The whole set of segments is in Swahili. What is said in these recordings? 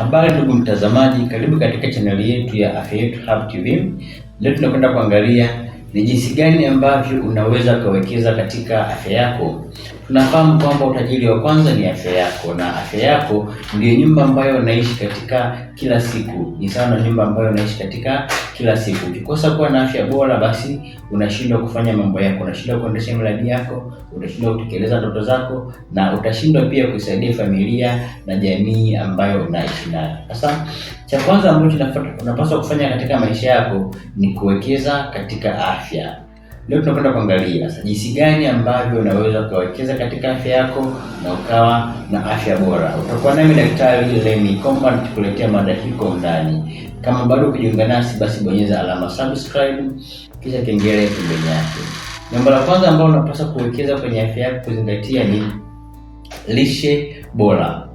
Habari ndugu mtazamaji, karibu katika chaneli yetu ya Afya Yetu Hub TV. Leo tunakwenda kuangalia ni jinsi gani ambavyo unaweza kuwekeza katika afya yako Tunafahamu kwamba utajiri wa kwanza ni afya yako, na afya yako ndiyo nyumba ambayo unaishi katika kila siku, ni sawa na nyumba ambayo unaishi katika kila siku. Ukikosa kuwa na afya bora, basi unashindwa kufanya mambo yako, unashindwa kuendesha miradi yako, utashindwa kutekeleza ndoto zako, na utashindwa pia kuisaidia familia na jamii ambayo unaishi nayo. Sasa cha kwanza ambacho unapaswa kufanya katika maisha yako ni kuwekeza katika afya. Leo tunakwenda kuangalia sasa jinsi gani ambavyo unaweza kuwekeza katika afya yako na ukawa na afya bora. Utakuwa nami Daktari Lemi Komba nikikuletea mada hii kwa undani. Kama bado ukijiunga nasi, basi bonyeza alama subscribe, kisha kengele pembeni yake. Jambo la kwanza ambalo unapaswa kuwekeza kwenye afya yako kuzingatia ni lishe bora.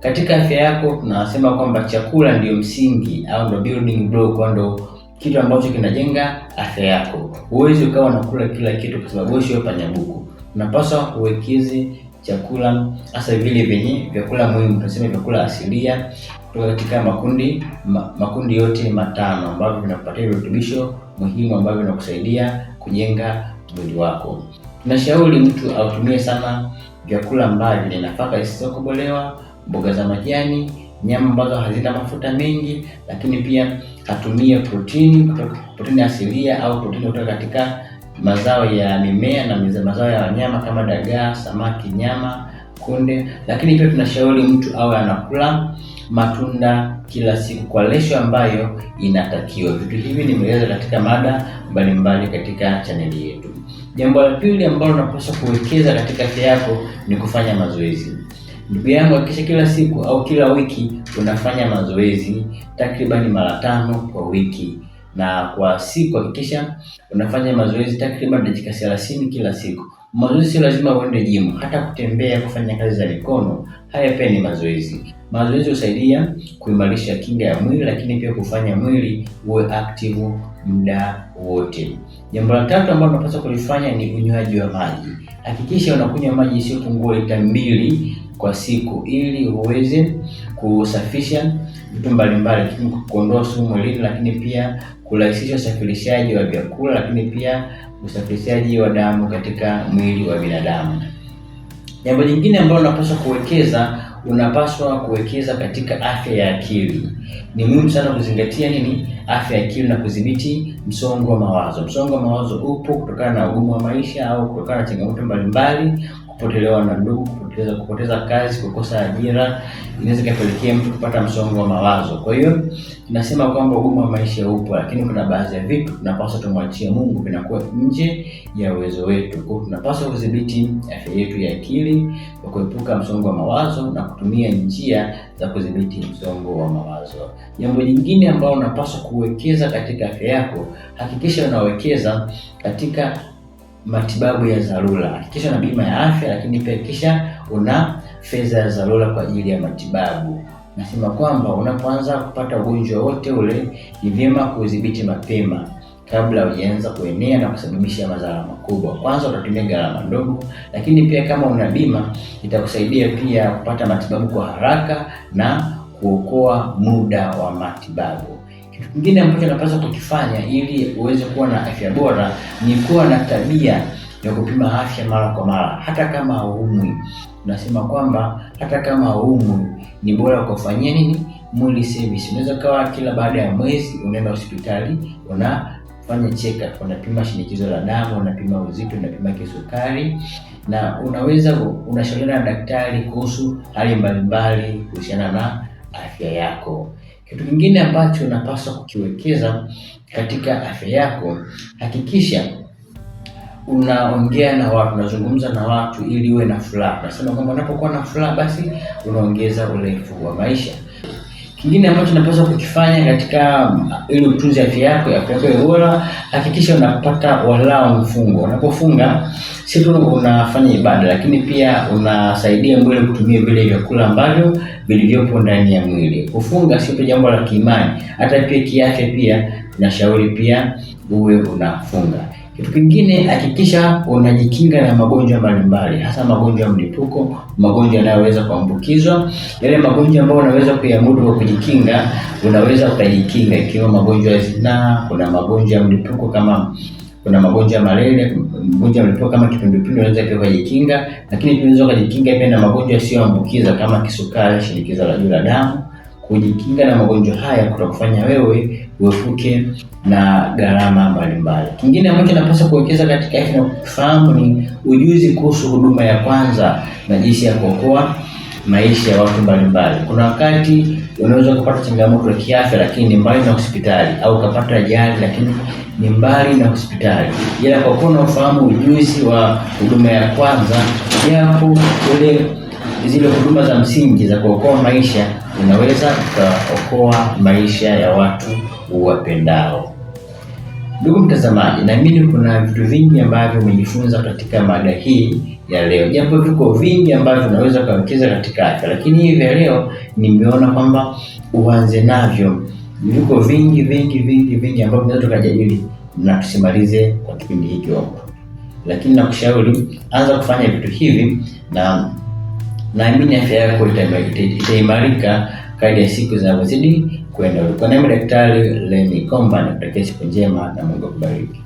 Katika afya yako tunasema kwamba chakula ndio msingi au ndio building block, ndio kitu ambacho kinajenga afya yako. Huwezi ukawa unakula kila kitu kwa sababu wewe panyabuku. Unapaswa uwekeze chakula hasa vile vyenye vyakula muhimu, tunasema vyakula asilia kutoka katika makundi ma, makundi yote matano ambavyo vinakupatia virutubisho muhimu ambavyo vinakusaidia kujenga mwili wako. Tunashauri mtu autumie sana vyakula ambavyo vina nafaka zisizokobolewa, mboga za majani nyama ambazo hazina mafuta mengi, lakini pia atumie protini, protini asilia au protini kutoka katika mazao ya mimea na mazao ya wanyama kama dagaa, samaki, nyama, kunde. Lakini pia tunashauri mtu awe anakula matunda kila siku kwa lesho ambayo inatakiwa. Vitu hivi nimeeleza katika mada mbalimbali mbali katika chaneli yetu. Jambo la pili ambalo unapaswa kuwekeza katika afya yako ni kufanya mazoezi. Ndugu yangu, hakikisha kila siku au kila wiki unafanya mazoezi takribani mara tano kwa wiki, na kwa siku hakikisha unafanya mazoezi takriban dakika 30 kila siku. Mazoezi sio lazima uende jimu, hata kutembea, kufanya kazi za mikono, haya pia ni mazoezi. Mazoezi husaidia kuimarisha kinga ya mwili, lakini pia kufanya mwili uwe active muda wote. Jambo la tatu ambalo unapaswa kulifanya ni unywaji wa maji. Hakikisha unakunywa maji isiyopungua lita mbili kwa siku, ili uweze kusafisha vitu mbalimbali, kuondoa sumu mwilini, lakini pia kurahisisha usafirishaji wa vyakula, lakini pia usafirishaji wa damu katika mwili wa binadamu. Jambo jingine ambalo unapaswa kuwekeza unapaswa kuwekeza katika afya ya akili. Ni muhimu sana kuzingatia nini? Afya ya akili na kudhibiti msongo wa mawazo. Msongo wa mawazo upo kutokana na ugumu wa maisha au kutokana na changamoto mbalimbali, kupotelewa na ndugu, kupoteza, kupoteza kazi, kukosa ajira, inaweza ikapelekea mtu kupata msongo wa mawazo. Kwa hiyo tunasema kwamba ugumu wa maisha upo, lakini kuna baadhi ya vitu tunapaswa tumwachie Mungu, vinakuwa nje ya uwezo wetu. Kwa hiyo tunapaswa kudhibiti afya yetu ya akili kwa kuepuka msongo wa mawazo na kutumia njia za kudhibiti msongo wa mawazo. Jambo jingine ambalo unapaswa kuwekeza katika afya yako, hakikisha unawekeza katika matibabu ya dharura. Hakikisha una bima ya afya, lakini pia hakikisha una fedha ya dharura kwa ajili ya matibabu. Nasema kwamba unapoanza kupata ugonjwa wote ule, ni vyema kuudhibiti mapema kabla hujaanza kuenea na kusababisha madhara makubwa. Kwanza utatumia gharama ndogo, lakini pia kama una bima itakusaidia pia kupata matibabu kwa haraka na kuokoa muda wa matibabu. Kingine ambacho unapaswa kukifanya ili uweze kuwa na afya bora ni kuwa na tabia ya kupima afya mara kwa mara, hata kama haumwi. Unasema kwamba hata kama haumwi ni bora ukafanyia nini mwili service. Unaweza ukawa kila baada ya mwezi unaenda hospitali unafanya check up, unapima shinikizo la damu, unapima uzito, unapima kisukari, na unaweza unashauriana na daktari kuhusu hali mbalimbali kuhusiana na afya yako. Kitu kingine ambacho unapaswa kukiwekeza katika afya yako, hakikisha unaongea na watu, unazungumza na watu ili uwe na furaha. Unasema kwamba unapokuwa na furaha, basi unaongeza urefu wa maisha. Kingine ambacho unapaswa kukifanya katika uh, ili utunze afya yako, ya yako bora, hakikisha unapata walao mfungo. Unapofunga si tu unafanya ibada, lakini pia unasaidia mwili kutumia vile vyakula ambavyo vilivyopo ndani ya mwili. Kufunga si tu jambo la kiimani, hata pia kiafya, pia nashauri pia uwe unafunga. Kitu kingine, hakikisha unajikinga na magonjwa mbalimbali, hasa magonjwa ya mlipuko, magonjwa yanayoweza kuambukizwa. Yale magonjwa ambayo unaweza kuyamudu kwa kujikinga, unaweza ukajikinga, ikiwa magonjwa ya zinaa, kuna magonjwa ya mlipuko kama kuna magonjwa ya malaria, magonjwa ya mlipuko kama kipindupindu unaweza pia kujikinga, lakini pia unaweza kujikinga pia na magonjwa yasiyoambukiza kama kisukari, shinikizo la juu la damu. Kujikinga na magonjwa haya kutakufanya wewe uepuke na gharama mbalimbali. Kingine ambacho kinapaswa kuwekeza katika hiki kufahamu ni ujuzi kuhusu huduma ya kwanza na jinsi ya kuokoa maisha ya watu mbalimbali. Kuna wakati unaweza kupata changamoto ya kiafya, lakini ni mbali na hospitali, au ukapata ajali, lakini ni mbali na hospitali. Ila kwa kuwa unafahamu ujuzi wa huduma ya kwanza, japo ule zile huduma za msingi za kuokoa maisha unaweza ukaokoa maisha ya watu uwapendao. Ndugu mtazamaji, naamini kuna vitu vingi ambavyo umejifunza katika mada hii ya leo, japo viko vingi ambavyo unaweza ukawekeza katika afya, lakini hivi ya leo nimeona kwamba uanze navyo. Viko vingi vingi vingi vingi ambavyo tunaweza tukajadili na tusimalize kwa kipindi hiki, lakini nakushauri anza kufanya vitu hivi na naamini afya yako itaimarika kadri ya siku zinavyozidi kwenda. Ulikuwa nami Daktari Lenny Komba, nakutakia siku njema na Mungu akubariki.